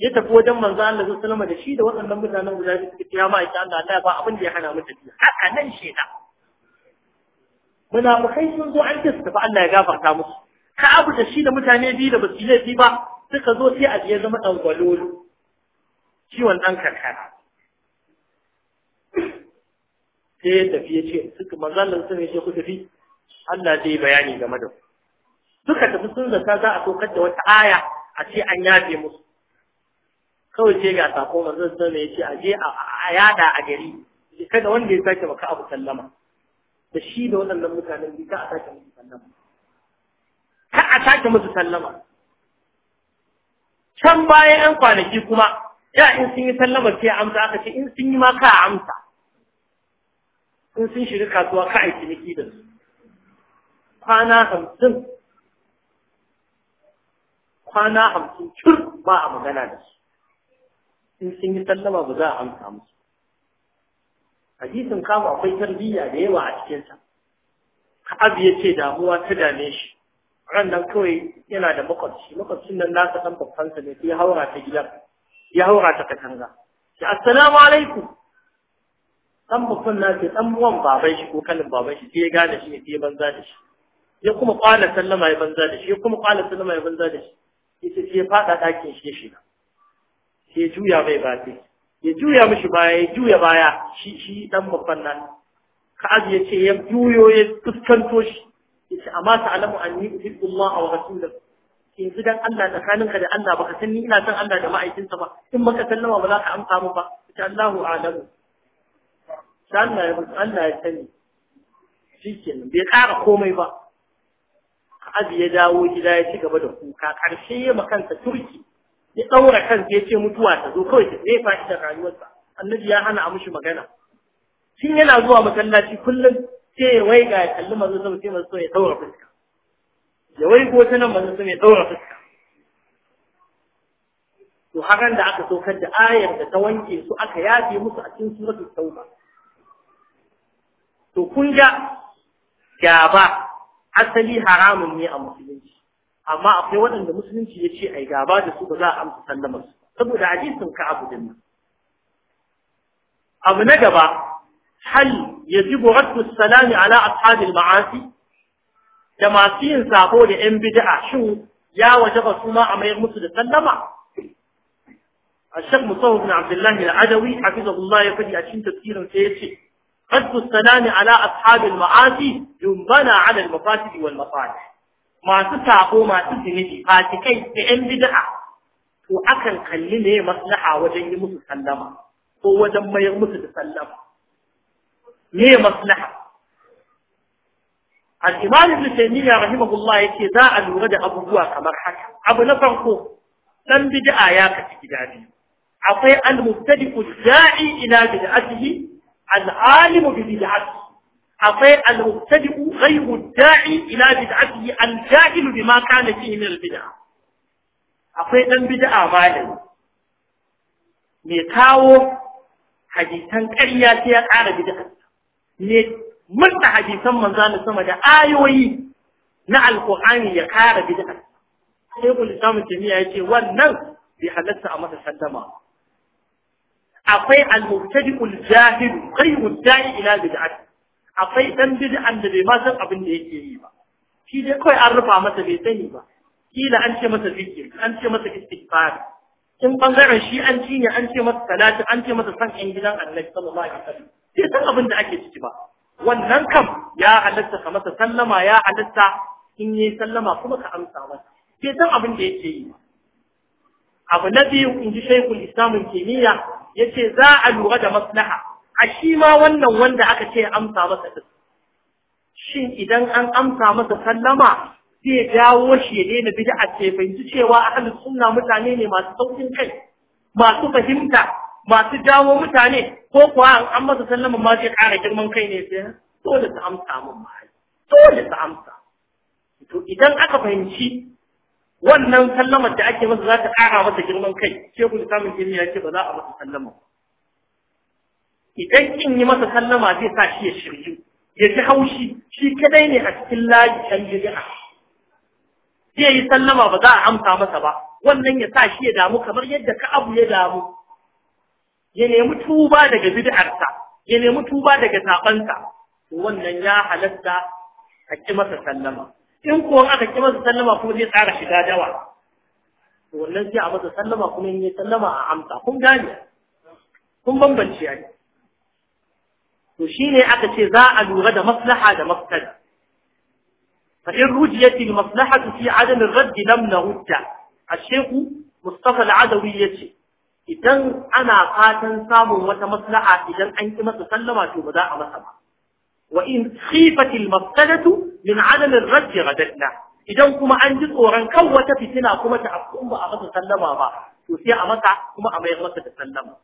ya tafi wajen manzo Allah sallallahu alaihi wasallam da shi da waɗannan mutanen guda biyu suka kiyama ita Allah Allah ba abin da ya hana mu tafiya haka nan Muna munafikai sun zo an kisa tafi Allah ya gafarta musu ka abu da shi da mutane biyu da basu laifi ba suka zo sai a je zama dan gwalolo ciwon ɗan karkara sai ya tafi ya ce suka manzalin sun ya ce ku tafi Allah zai bayani game da suka tafi sun zata za a tokar da wata aya a ce an yafe musu kawai ce ga sako manzon sun ya ce a je a yada a gari kada wanda ya sake maka abu sallama da shi da waɗannan mutanen bi ka a sake musu sallama ka a sake musu sallama can bayan 'yan kwanaki kuma ya in sun yi sallama sai amsa aka ce in sun yi ma ka amsa in sun shiga kasuwa ka aiki niki da su kwana hamsin kwana hamsin cur ba a magana da su in sun yi sallama ba za a amsa musu hadisin kama akwai tarbiyya da yawa a cikinsa Ka'ab ya ce damuwa ta dame shi ran nan kawai yana da makwabci makwabcin nan nasa dan babbansa ne sai haura ta gidan ya haura ta katanga shi assalamu alaikum dan mutum na ce dan uwan baban shi ko kanin baban shi sai ya gane shi sai ya banza da shi ya kuma kwala sallama ya banza da shi ya kuma kwala sallama ya banza da shi yace sai ya fada dakin shi shi sai ya juya mai baki ya juya mishi baya ya juya baya shi shi dan mutum nan ka'ab ya ce ya juyo ya fuskanto shi ya ce amma alamu anni uhibbu Allah wa rasulahu yanzu gidan Allah tsakaninka da Allah baka san ni ina son Allah da ma'aikinsa ba in baka sallama ba za ka amsa mu ba ta Allahu a'lamu sai na ya Allah ya sani shikenan bai ƙara komai ba Abi ya dawo gida ya ci gaba da kuka karshe ya makansa turki ya daura kan ya ce mutuwa ta zo kawai zai fashi da rayuwarsa annabi ya hana a mushi magana shin yana zuwa masallaci kullum sai ya waiga ya kalli mazo sai mazo ya tsaura fuska da wai ko ta nan manzo daura fuska to hakan da aka saukar da ayar da ta wanke su aka yafe musu a cikin suratul tauba to kun ga gaba asali haramun ne a musulunci amma akwai waɗanda musulunci ya ce ai gaba da su ba za a amsa sallamar su saboda hadisin ka abu din nan abu na gaba hal yajibu raddu salami ala ashabil ma'asi da masu yin sabo da ‘yan bid'a shin ya waje ba su ma a mayar musu da sallama? A shek Musawu bin Abdullahi al'adawi a fi zaɓullah ya fadi a cikin tafsirin sai ya ce, Ƙaddu salami ala ashabin ma'asi yumbana ala mafasidi wal mafadi. Masu sabo masu zunubi fasikai da ‘yan bid'a to akan kalli ne maslaha wajen yi musu sallama ko wajen mayar musu da sallama. Me maslaha? al-imam ya taymiya rahimahullah yace za a lura da abubuwa kamar haka abu na farko dan bid'a ya kaci gida akwai al-mubtadi'u da'i ila bid'atihi al-alimu bi bid'atihi akwai al-mubtadi'u ghayru da'i ila bid'atihi al-jahilu bima kana fihi min bida akwai dan malami me kawo hadisan ƙarya sai ya ƙara bid'a murta hadisan manzana sama da ayoyi na alkur'ani ya kara bid'a shekul islam jami'a yace wannan bi halatta a masa shaddama akwai al-mubtadi'ul jahil khayru da'i ila bid'ati akwai dan bid'an da bai ma san abin da yake yi ba shi dai kai an rufa masa bai sani ba kila an ce masa zikir an ce masa istighfar in bangaren shi an ci ne an ce masa salatu an ce masa san in gidan annabi sallallahu alaihi wasallam bai san abin da ake ciki ba wannan kam ya halatta ka masa sallama ya halatta in yi sallama kuma ka amsa ba. ke san abin da yake yi abu na biyu in ji shaikul islamin kimiyya ya ce za a lura da maslaha a shi ma wannan wanda aka ce amsa masa ɗin shin idan an amsa masa sallama zai jawo shi ya daina bid'a ce fahimci cewa ahlus suna mutane ne masu saukin kai masu fahimta masu jawo mutane ko kuwa an masa sallama ma zai kara girman kai ne sai dole su amsa mun ma dole su amsa to idan aka fahimci wannan sallamar da ake masa za ta kara masa girman kai shehu samun jini ya ce ba za a masa sallama idan kin yi masa sallama zai sa shi ya shiryu ya ji haushi shi kadai ne a cikin layi can bid'a zai yi sallama ba za a amsa masa ba wannan ya sa shi ya damu kamar yadda ka abu ya damu ya nemi tuba daga bid'arsa ya nemi tuba daga sabansa wannan ya halatta a ki masa sallama in ko aka ki masa sallama kuma zai tsara shiga dawa wannan sai a masa sallama kuma in ya sallama a amsa kun gane kun bambance ne to shine aka ce za a lura da maslaha da in mafsada فإن رجيت المصلحة في عدم الرد لم نرد الشيخ مصطفى العدوي يتي idan ana fatan samun wata masla'a idan an ki masa sallama to ba za a masa ba wa in khifatil mafsadatu min adam ar-rajj gadatna idan kuma an ji tsoron kan wata fitina kuma ta afkun ba a masa sallama ba to sai a masa kuma a mayar masa da sallama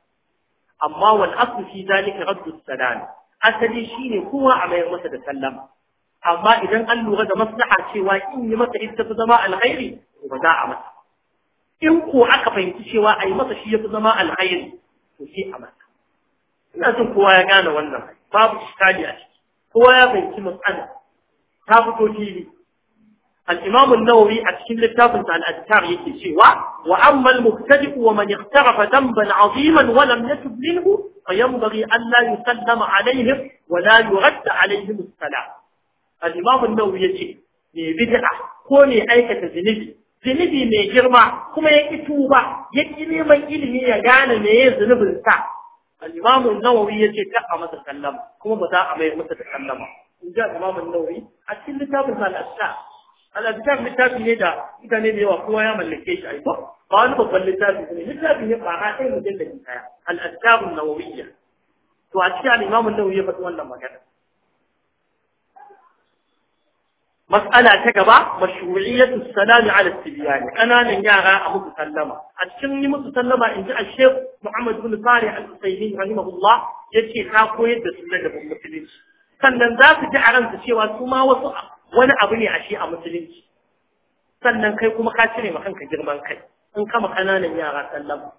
amma wal aslu fi zalika raddu salam asali shine kuma a mayar masa da sallama amma idan an lura da maslaha cewa in yi masa ita zama alkhairi ba za a masa in ko aka fahimci cewa a yi masa shi ya fi zama alhairi to sai a masa ina jin kowa ya gane wannan babu iskali a ciki kowa ya fahimci matsala ta fito fili الإمام النووي أتكلم للتابن عن أذكار يكتشوا وأما المبتدئ ومن اقترف ذنبا عظيما ولم يتب منه فينبغي أن لا يسلم عليهم ولا يرد عليهم السلام الإمام النووي يجي بدعة كوني أيكة ذنبي zunubi mai girma kuma ya ƙi tuba ya ƙi neman ilimi ya gane me ya zunubin sa al-imam nawawi yace ka a masa sallama kuma ba za a mai masa da sallama in ji al-imam nawawi a cikin littafin al-asha al-asha littafi ne da mutane da yawa kowa ya mallake shi ai ba wani babban littafi ne littafi ne ba ha sai mujallabi kaya. al-asha an-nawawiyya to a cikin al-imam nawawi ya faɗi wannan magana mas'ala ta gaba mashru'iyatu salami ala tibyan kananan yara a musu sallama a cikin yi musu sallama in ji Sheikh Muhammad bin Salih Al-Utsaimin rahimahullah yace ka koyar da sunna da musulunci sannan za su ji a ransu cewa su ma wasu wani abu ne ashe a musulunci sannan kai kuma ka cire ma kanka girman kai in kama kananan yara sallama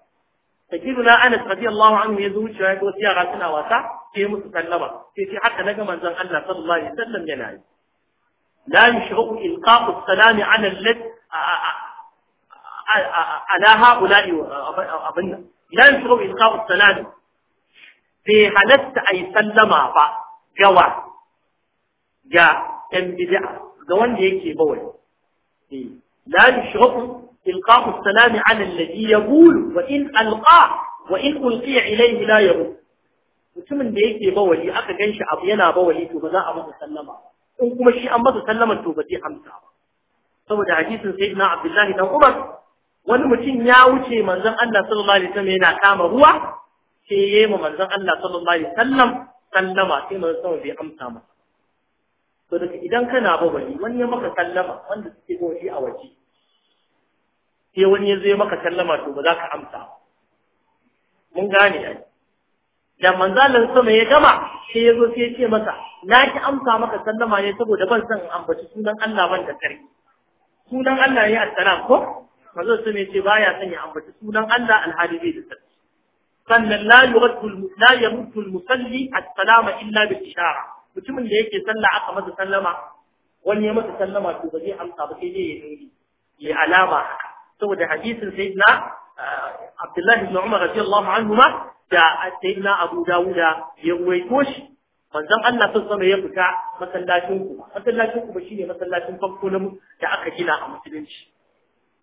sajiduna Anas radiyallahu anhu ya zo wucewa ya ga wasu yara suna wasa sai musu sallama sai ce haka naga manzon Allah sallallahu alaihi wasallam yana yi لا يشرع إلقاء السلام على الذي على هؤلاء أبنا لا يشرع إلقاء السلام في حالة أي سلم با جوا جاء إن بدعة جوان هيك بول لا يشرع إلقاء السلام على الذي يقول وإن ألقاه وإن ألقي إليه لا يقول mutumin da yake bawali aka ganshi abu yana bawali to ba za a masa sallama ba in kuma shi an masa sallama to ba zai amsa ba saboda hadisin sai na abdullahi dan umar wani mutum ya wuce manzon Allah sallallahu alaihi wasallam yana kama ruwa sai yayi ma manzon Allah sallallahu alaihi wasallam sallama sai manzon sallallahu bai amsa masa to daga idan kana ba wani wani ya maka sallama wanda suke zuwa shi a waje sai wani ya zo ya maka sallama to ba za ka amsa ba? mun gane ai da manzalin sama ya gama sai ya zo sai ya ce masa na ki amsa maka sallama ne saboda ban san ambaci sunan Allah ban da sarki sunan Allah ne assalam ko manzo sun ce baya son ya ambaci sunan Allah alhali bai da sarki sannan la yuraddu la yamuddu assalama illa bil ishara mutumin da yake sallah aka masa sallama wani ya masa sallama to ba zai amsa ba sai dai ya nuni ya alama haka saboda hadisin sayyidina ah, Abdullahi ibn Umar radiyallahu anhuma da sayyidina Abu Dawuda ya ruwaito shi manzon Allah sun sama ya fita masallacin ku masallacin ku shine masallacin farko na da aka gina a musulunci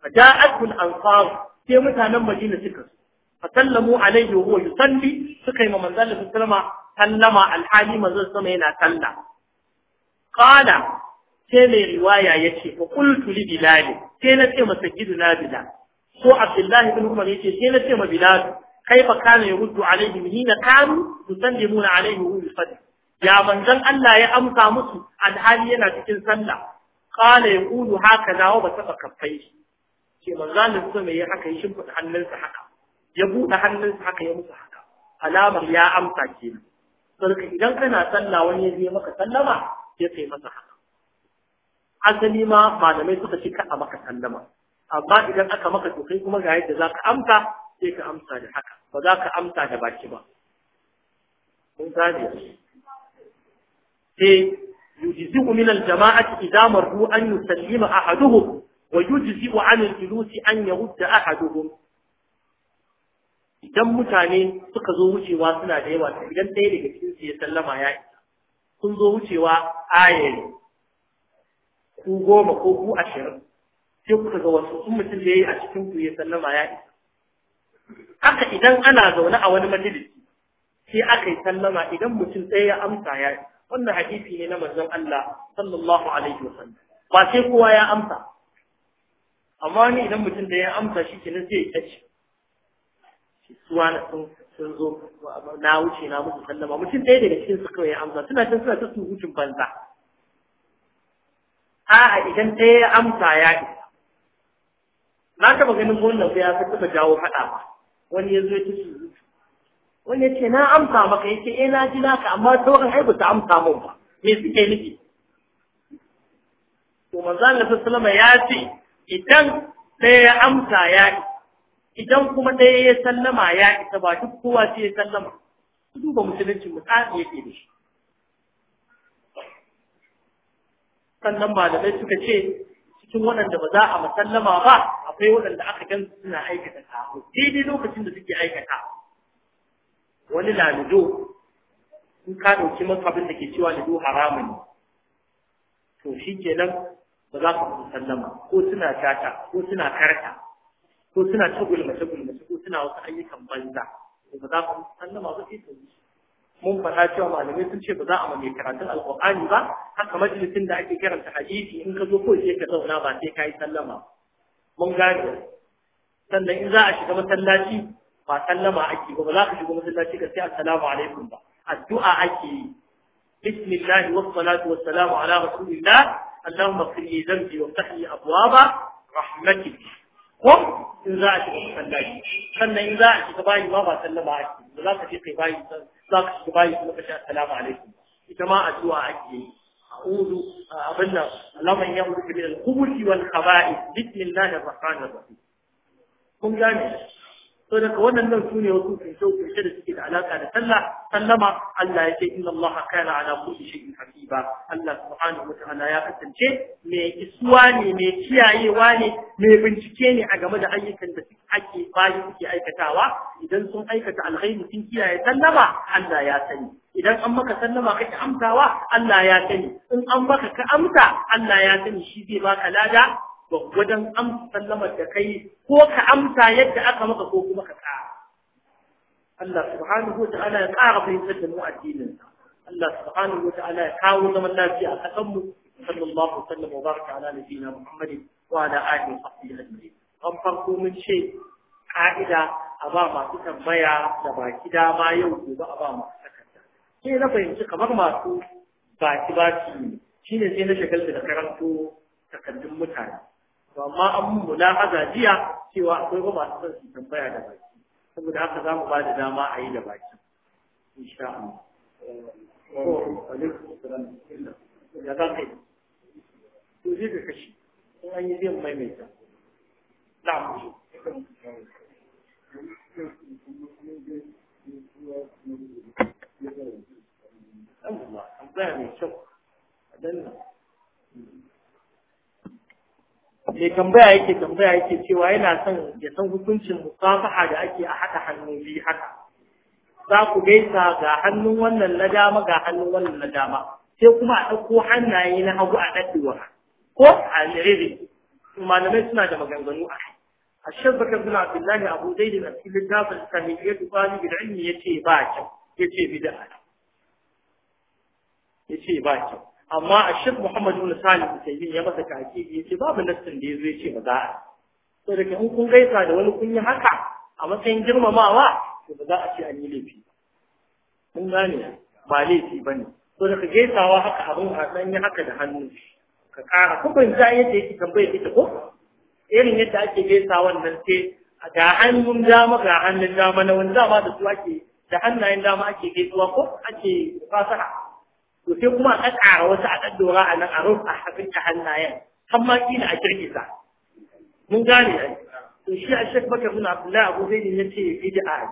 fada'atul ansar sai mutanen Madina suka fa sallamu alaihi wa huwa yusalli suka yi manzon Allah sallama sallama alhali manzon sama yana sallah qala sai mai riwaya yace fa qultu li bilal sai na ce masa giduna bilal ko Abdullahi ibn Umar yace sai na ce ma bilal kaifa kana yuddu alaihim hina kanu tusallimuna alaihi wa sallam ya manzon Allah ya amsa musu alhali yana cikin sanda kana Kulu haka dawo ba taba kafai ke manzon da mai yayi haka shin fa hannunsa haka ya bude hannunsa haka ya musu haka Alamar ya amsa kenan sarki idan kana sallah wani ya yi maka sallama ya kai haka asali ma malamai suka cika a maka sallama amma idan aka maka to kai kuma ga za ka amsa sai ka amsa da haka ba za ka amsa da baki ba kun gane sai eh, yujizu min minal jama'at idza marru an yusallima ahaduhum wa yujzi'u an al-julusi an yawudda ahaduhum idan mutane suka zo wucewa suna da yawa idan ɗaya daga cikin su ya sallama ya isa sun zo wucewa ayayi ku goma ko ku ashirin sai kuka ga wasu sun mutum da ya yi a cikin ku ya sallama ya isa haka idan ana zaune a wani majalisi sai aka yi sallama idan mutum ɗaya ya amsa ya wannan hadisi ne na manzon Allah sallallahu alaihi wasallam ba sai kowa ya amsa amma ni idan mutum da ya amsa shi kenan sai ya tace suwa na sun sun zo na wuce na musu sallama mutum ɗaya daga cikin su kawai ya amsa suna can suna ta surutun banza a'a idan ɗaya ya amsa ya isa na taɓa ganin wannan ya taɓa jawo faɗa ba wani ya zo ya tashi wani ya ce na amsa maka ya ce eh na ji naka amma ta ai haibu ta amsa min ba me suke nufi to manzo Allah sallallahu ya ce idan ɗaya ya amsa ya idan kuma ɗaya ya sallama ya ta ba duk kowa sai ya sallama su duba musulunci mu tsari yake da shi sannan malamai suka ce cikin waɗanda ba za a masallama ba akwai waɗanda aka gan suna aikata taho daidai lokacin da suke aikata wani lamido in ka ɗauki abin da ke cewa lido haramun ne to shi kenan ba za ka musallama ko suna shata ko suna karta ko suna ta gulmace ko suna wasu ayyukan banza ba za ka musallama ba sai ta mun faɗa cewa malamai sun ce ba za a mai karatun alƙur'ani ba haka majalisin da ake karanta hadisi in ka zo kawai sai ka zauna ba sai ka yi sallama mun gane sannan in za a shiga masallaci ba sallama ake ba ba za ka shiga masallaci ka sai assalamu alaikum ba addu'a ake yi bismillah wa salatu wa salamu ala rasulillah allahumma qil li dhanbi wa ftah li abwaba rahmatik ko in za a shiga masallaci sannan in za a shiga bayi ma ba sallama ake ba za ka je kai bayi za ka shiga bayi kuma ka alaikum ita ma addu'a ake yi أقول أبنى لمن يملك من الخبث والخبائث بسم الله الرحمن kun gane to daga wannan su ne wasu kunshe-kunshe da suke da alaƙa da sallah sallama Allah ya ce inna Allah kana ala kulli shay'in hasiba Allah subhanahu wataala ya kasance mai isuwa ne mai kiyayewa ne mai bincike ne a game da ayyukan da ake bayi suke aikatawa idan sun aikata alkhairi sun kiyaye sallama Allah ya sani idan an maka sallama kake amsawa Allah ya sani in an maka ka amsa Allah ya sani shi zai baka lada wajen amsa sallamar da kai ko ka amsa yadda aka maka ko kuma ka ƙara Allah subhanahu wa ta'ala ya ƙara fahimtar da mu addinin Allah subhanahu wa ta'ala ya kawo zaman lafiya a ƙasar mu sallallahu alaihi wa baraka ala nabiyina Muhammad wa ala alihi wa sahbihi ajma'in an farko mun ce ka'ida a ba masu tambaya da baki dama yau gobe a ba masu takarda sai na fahimci kamar masu baki baki ne shine sai na shagalta da karanto takardun mutane to amma an mu mulahaza jiya cewa akwai ba masu son su tambaya da baki saboda haka za mu ba da dama a yi da baki insha Allah ya za ka yi to zai ka kashi in an yi zai ta na mu Allah, an zaya mai kyau a danna. mai tambaya yake tambaya yake cewa yana son ya san hukuncin musafaha da ake a haɗa hannu bi haka za ku gaisa ga hannun wannan na dama ga hannun wannan na dama sai kuma a ɗauko hannaye na hagu a ɗaɗɗewa ko a rere malamai suna da maganganu a kai a shabbaka suna abdullahi abu zai da nafi littafin ni bi da ilmi ya ce ba kyau ya ce bida ya ce ba kyau amma a shek muhammadu na salim da ya masa kake ya ce babu nassin da ya zo ya ce ba za a so da in kun gaisa da wani kun yi haka a matsayin girmamawa to ba za a ce an yi laifi kun gane ba laifi ba ne so da ka gaisawa haka abin a ɗan yi haka da hannu ka ƙara kukun ta yadda yake tambayar ita ko irin yadda ake gaisawa nan sai ga hannun dama ga hannun dama na wani dama da su ake da hannayen dama ake gaisuwa ko ake fasaha to sai kuma a ƙara wasu a ɗaddora a nan a rufe a haɗin da hannayen har ma kila a kirkisa mun gane ai to shi a shek bakar bin abdullahi abu zai ya ce bid'a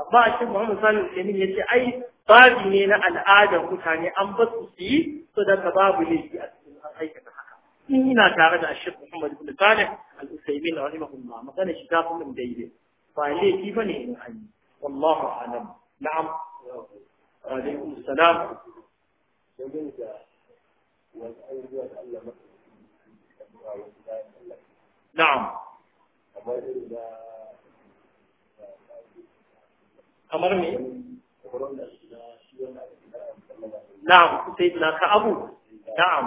amma a shek muhammad salim usaimin ya ce ai babi ne na al'adar mutane an ba su yi so da ka babu laifi a cikin aikata haka in ina tare da shek muhammad bin salim al-usaimin rahimahullah magana shi ta fi daidai ba laifi ba ne in an yi wallahu alam na'am Wa alaikum salam نعم Na'am. Kamar me? Na'am, sai na ka abu. Na'am.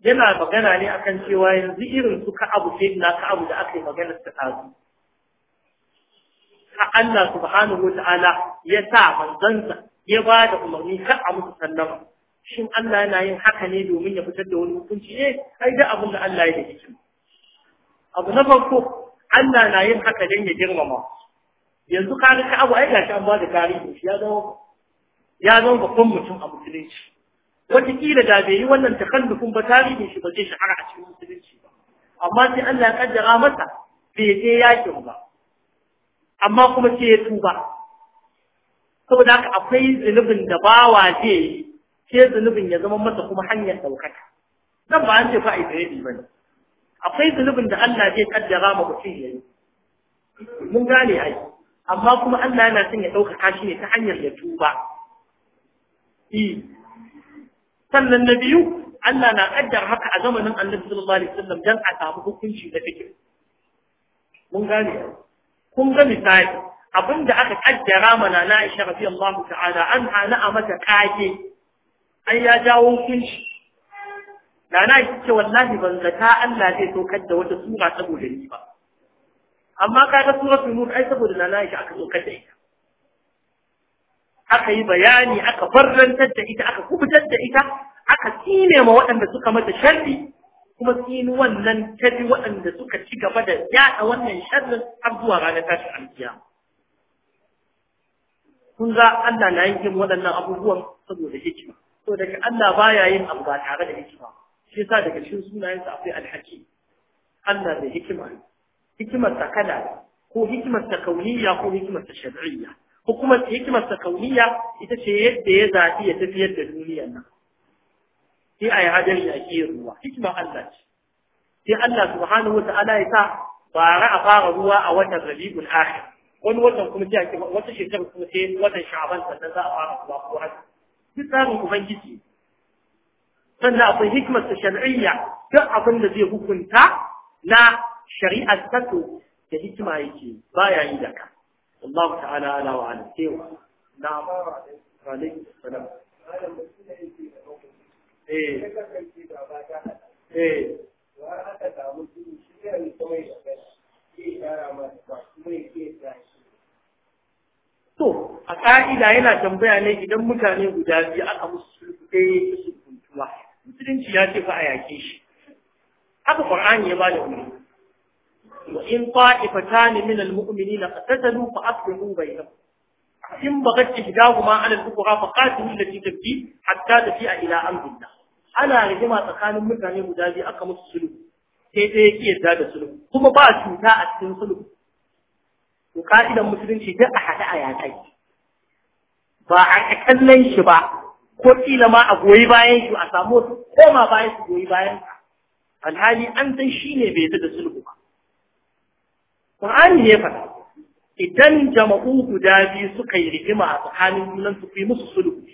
yana magana ne akan cewa yanzu irin su ka abu sai na ka abu da aka yi magana ta tazu Allah subhanahu wa ta'ala ya sa manzansa ya ba da umarni kar a musu sallama shin Allah yana yin haka ne domin ya fitar da wani hukunci ne eh, ai da abin da Allah ya yi abu na farko Allah na yin haka don ya girmama yanzu ka ga abu ai gashi an ba da tarihi ya zama ya zama babban mutum a musulunci wataƙila da bai yi wannan takallufin ba tarihin shi ba zai shahara a cikin musulunci ba amma sai Allah ya kaddara masa bai je yakin ba amma kuma sai ya tuba saboda haka akwai zunubin da ba zai je sai zunubin ya zama masa kuma hanyar ɗaukaka nan ba an ce fa a yi tsaye ba ne akwai zunubin da Allah zai kaddara ma mutum ya yi mun gane ai amma kuma Allah yana son ya ɗaukaka shi ne ta hanyar ya tuba sannan na biyu Allah na kaddara haka a zamanin Annabi sallallahu alaihi wasallam dan a samu hukunci da fikir mun gane kun ga misali abinda aka kaddara mana na Aisha radiyallahu ta'ala an hana a mata kage ai ya jawo hukunci da na yi ce wallahi ban zata Allah zai tokar da wata sura saboda ni ba amma ka ga suratul mulk ai saboda na Aisha aka tokar da ita aka yi bayani aka barrantar da ita aka kubutar da ita aka tsine ma waɗanda suka mata sharri kuma tsinuwan nan ta bi waɗanda suka ci gaba da yaɗa wannan sharrin har zuwa ranar tashin alkiyama kun Allah na yin waɗannan abubuwan saboda hikima So daga Allah baya yin abu ba tare da hikima shi daga cikin sunayensa akwai alhaki Allah da hikima hikimar ta kala ko hikimar ta kauniya ko hikimar ta shar'iyya ko kuma hikimar kauniya ita ce yadda ya zaɓi ya tafiyar da duniyar nan sai a yi hadari a ƙiyar ruwa hikimar Allah ce sai Allah subhanahu wa ta'ala ya sa bara a fara ruwa a watan rabiul akhir wani watan kuma sai a kima wata shekarar kuma sai watan sha'aban sannan za a fara ruwa ko haka duk tsarin ubangiji sannan akwai hikimar ta shar'iyya duk abin da zai hukunta na shari'ar tato da hikima yake ya yi da ka Allah ta'ala ala wa ala cewa na alaikum salam eh, eh. samu shi ne ya mai To, a ƙa'ida yana tambaya ne idan mutane guda biyu aka musu sulhu ɗaya ya sulhuntuwa. Musulunci ya ce fa a yaƙe shi. Haka Ƙwar'ani ya bada wuri. Wa in ne min al-mu'minina qatatalu fa aslihu bainahum. In bagat ihdahuma 'ala al-ukhra fa qatilu allati tabghi hatta tafi'a ila amrillah. ana rigima tsakanin mutane guda biyu aka musu sulhu sai dai yake yadda da sulhu kuma ba cuta a cikin sulhu to ka'idan musulunci duk a haɗe a yaƙai ba a kallon shi ba ko kila ma a goyi bayan shi a samu wasu koma bayan su goyi bayan ka alhali an san shi ne bai da sulhu ba Qur'ani ne faɗa idan jama'u guda biyu suka yi rigima a tsakanin junan su yi musu sulhu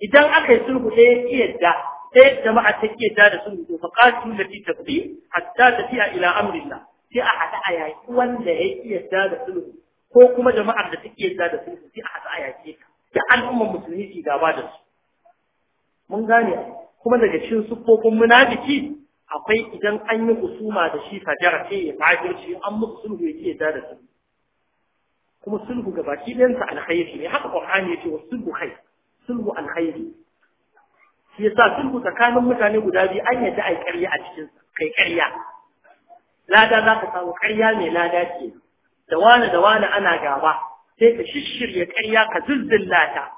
idan aka yi sulhu ɗaya ya yadda sai jama'a ta ke ta da sun to faqatu lati tabbi hatta tafiya ila amrillah sai a hada ayaki wanda ya iya da sulhu ko kuma jama'ar da take ta da sulhu sai a hada ayaki. yaki da al'ummar musulmi su gaba da su mun gane kuma daga cikin sufofin munafiki akwai idan an yi husuma da shi fajara sai ya fajirci an musu sulhu ya iya da sulhu kuma sulhu ga baki ɗayansa alkhairi ne haka ƙur'ani ya ce wa sulhu khair sulhu alkhairi shi yasa sulhu tsakanin mutane guda biyu an yadda ai ƙarya a cikin kai ƙarya lada za ka samu ƙarya mai lada ce da wani da wani ana gaba sai ka shishirya ƙarya ka zulzulla ta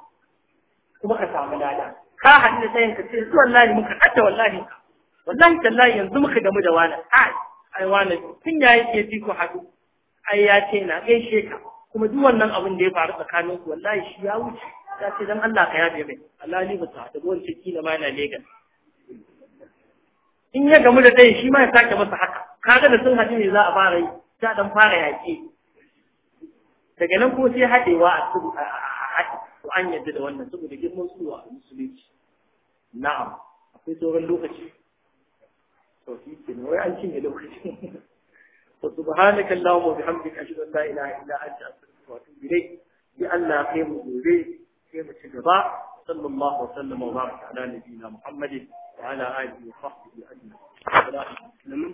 kuma ka samu lada ka haɗu da tayin ka ce yanzu wallahi muka hatta wallahi ka wallahi tallahi yanzu muka gamu da wani ai ai wani tun ya ke fi ku haɗu ai ya ce na gaishe ka kuma duk wannan abin da ya faru tsakaninku wallahi shi ya wuce ta ce dan Allah ka yabe mai Allah ni ba ta haɗu wani ciki na mana lega in ya gamu da dai shi ma ya sake masa haka kaga da sun haɗu ne za a fara yi za dan fara yaki daga nan ko sai hadewa a su to an yadda da wannan saboda girman suwa a musulunci na'am akwai sauran lokaci to shi ke ne wai an cinye lokaci wa subhanaka wa bihamdika ashhadu an la ilaha illa anta astaghfiruka wa atubu ilayk bi Allah kai mu gobe sai mu ci gaba sallallahu alaihi wasallam wa baraka ala nabiyina muhammadin wa ala alihi wa sahbihi ajma'in